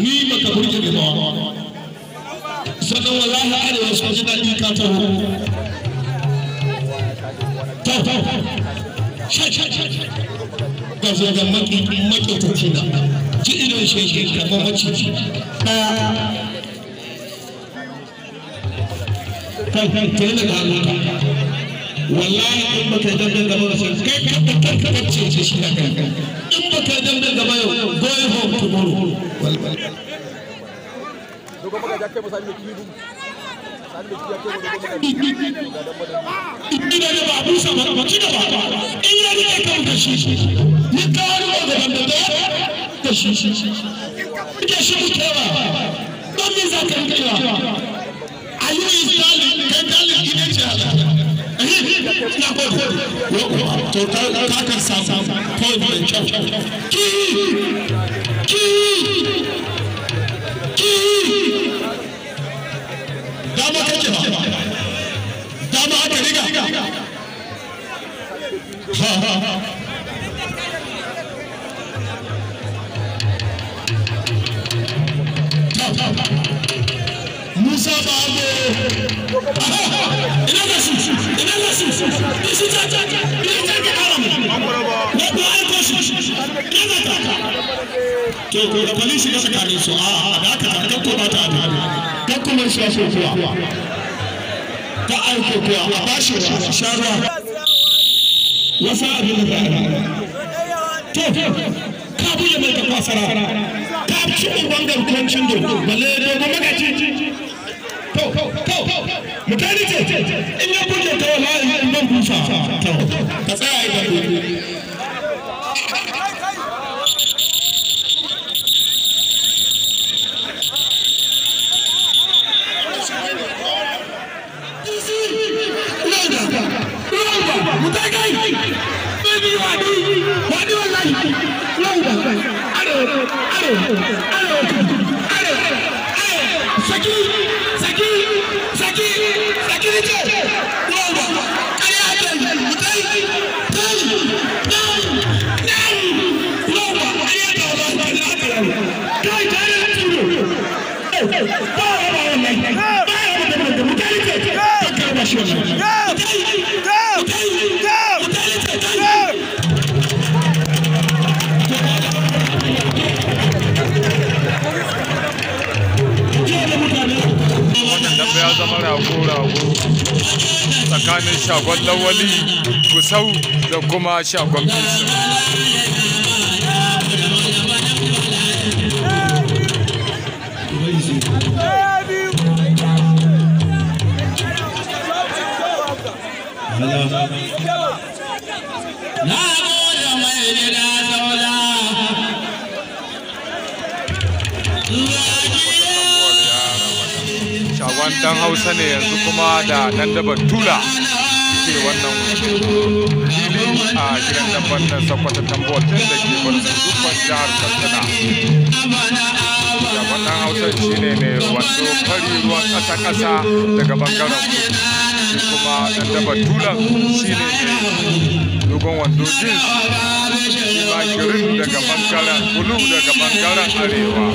ni baka burge ne sannan wallahi arewa sun ji daɗi ka taho to ga zo ga maƙetaci na ji irin shege kamar maciji ɗaya kai ta. kai daga hannunka wallahi in baka yi dangan gaba da sai kai kai kai kai ce ce shi na kai kai dambe gaba going home tomorrow ba are you to ta karsa kawai da kyau to da bali shiga tsakanin su a da aka ta kakko ba ta da kakko mai shiga so kuwa ta aiko kuwa a bashi wa sharuwa wasa abin da ta to ka buya mai ta kwasara ka ci uban garkuwancin da bale dogon magaci to to mutane ce in ya buge ta wallahi in ban busa to ka tsaya idan saki saki saki saki ana rago tsakanin shagon lawali gusau da kuma shagon bisu Na mai shugaban dan hausa ne yanzu kuma da nan daban tula ke wannan wuce a gidan daban nan sakwata tambol din da ke birnin dubban jihar katsina da dan hausa shi ne mai wato kari ruwan ƙasa ƙasa daga bangaren shi kuma nan daban tulan shi ne mai dogon wando jeans shi ba daga bangaren bulu daga bangaren arewa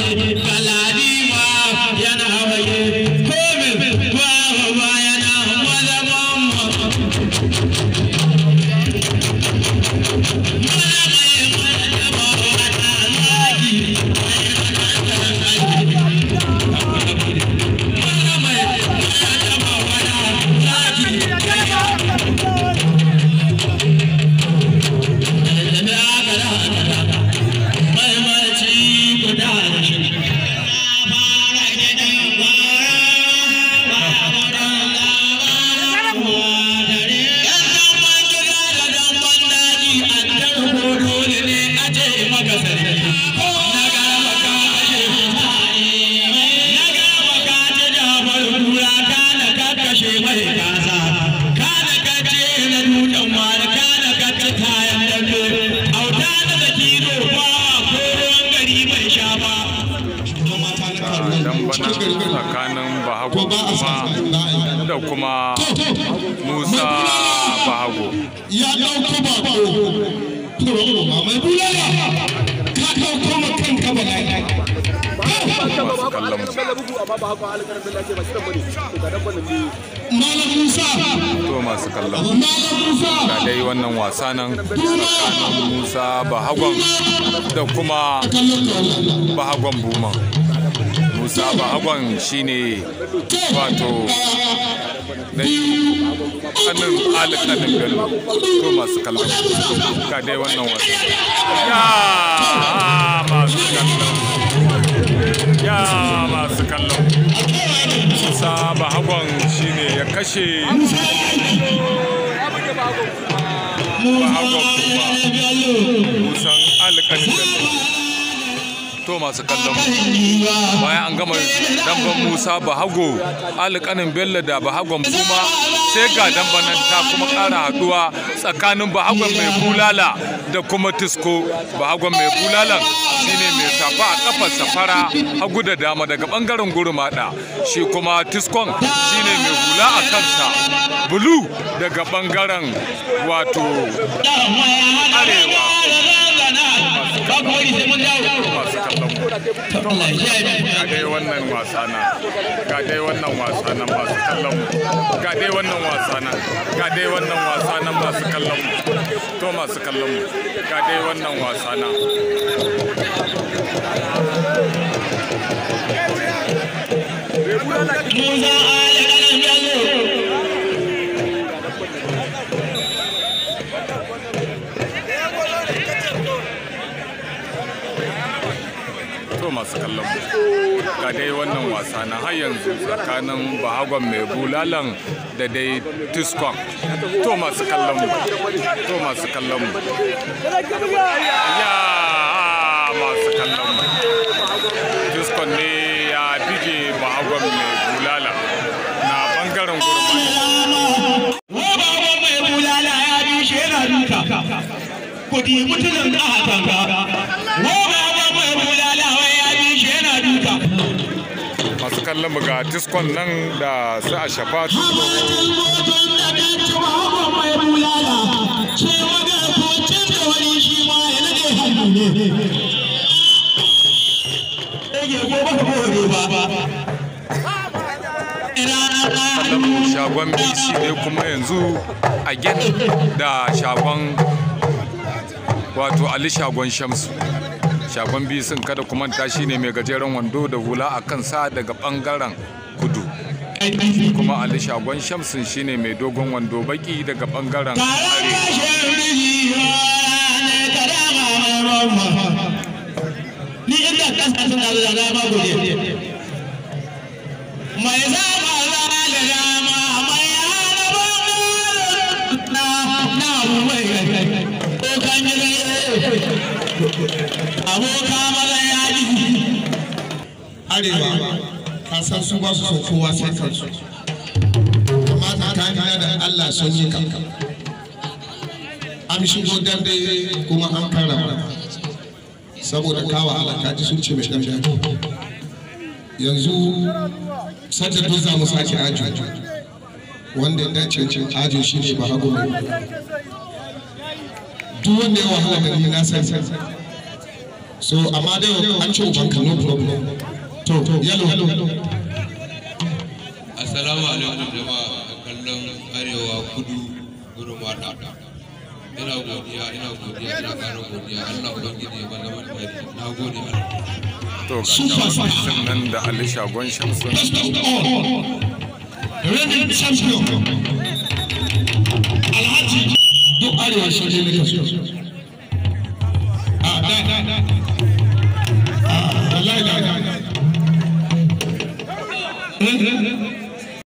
Hare to masu kallon ga dai wannan wasa nan tsakanin musa bahagon da kuma bahagon Buma. musa bahagon shine wato biyu kanin alƙalin gano to masu kallon ga dai wannan wasu ya masu kallon ya masu kallon hagon shine ya kashe bahagon kuma kusan alƙalin gano to masu kallon bayan an gama damban musa bahago alƙanin bello da bahagon buma sai ga damban nan ta kuma ƙara haɗuwa tsakanin bahagon mai bulala da kuma tisko bahagon mai bulalan shine mai safa a kafar safara hagu da dama daga bangaren gurmada shi kuma tiskon shine mai hula a kansa bulu daga bangaren wato arewa ga dai wannan wasa na ga dai wannan wasa na masu kallon mu ga dai wannan wasa na ga dai wannan wasa na masu kallon mu to masu kallon mu ga dai wannan wasa nan Musa kallon ga dai wannan wasa na har yanzu tsakanin bahagon mai bulalan da dai tuskon to masu kallon mu to masu kallon mu ya masu kallon mu tuskon ne ya bige bahagon mai bulala na bangaren gurma kudi mutunan da hatanka, wa ba ba mai bulalawa ya kallon mu ga diskon nan da su a shafa shagon bc ne kuma yanzu a gen da shagon wato ali shagon shamsu shagon bisin kada ku manta shine mai gajeren wando da hula a kan sa daga bangaren kudu kuma ali shagon shamsin shine mai dogon wando baki daga bangaren arewa aboka maza yaji arewa ka san su ba su kowa sai kansu kamata ta kaya da Allah sun yi kanka an shigo dambe kuma an kara saboda kawa Allah ji sun ce mai dambe yanzu sajjadu za mu sake ajo wanda ya dace ajin shi ne ba hagu mai duk wanda ya wahala da ni na san so amma yau an ce uban ka problem to yalo assalamu alaikum jama'a kallon arewa kudu gurma da ina godiya ina godiya ina godiya Allah ubangiji ya bada mana tare na gode to ga sannan da Alisha Gon Shamsun reigning champion 愛は一生懸命ですよ。